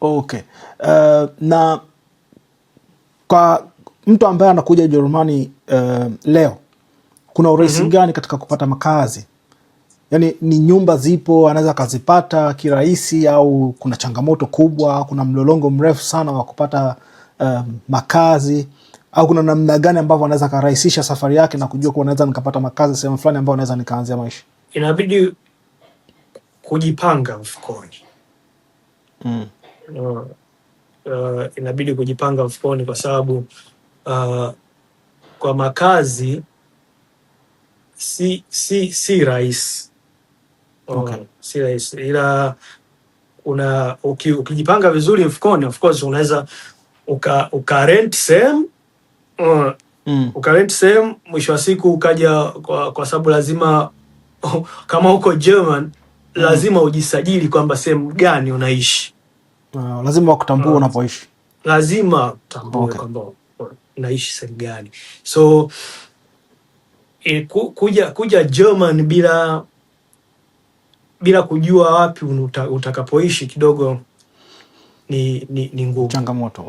Okay. Uh, na kwa mtu ambaye anakuja Ujerumani uh, leo kuna urahisi mm -hmm. gani katika kupata makazi? Yaani ni nyumba zipo anaweza akazipata kirahisi au kuna changamoto kubwa, kuna mlolongo mrefu sana wa kupata uh, makazi au kuna namna gani ambavyo anaweza akarahisisha safari yake na kujua kuwa naweza nikapata makazi sehemu fulani ambayo naweza nikaanzia maisha? Inabidi kujipanga mfukoni. Mm. Uh, uh, inabidi kujipanga mfukoni kwa sababu uh, kwa makazi si si si rahisi uh, okay. si rahisi ila una uki, ukijipanga vizuri mfukoni, of course unaweza uka, uka rent sehemu uh, mm. uka sehemu mwisho wa siku ukaja, kwa, kwa sababu lazima kama uko German hmm. lazima ujisajili kwamba sehemu gani unaishi Uh, lazima wakutambue ah. unapoishi, lazima tambue okay, kwamba naishi sehemu gani. So e, ku, kuja kuja German bila bila kujua wapi utakapoishi kidogo ni, ni, ni ngumu, changamoto.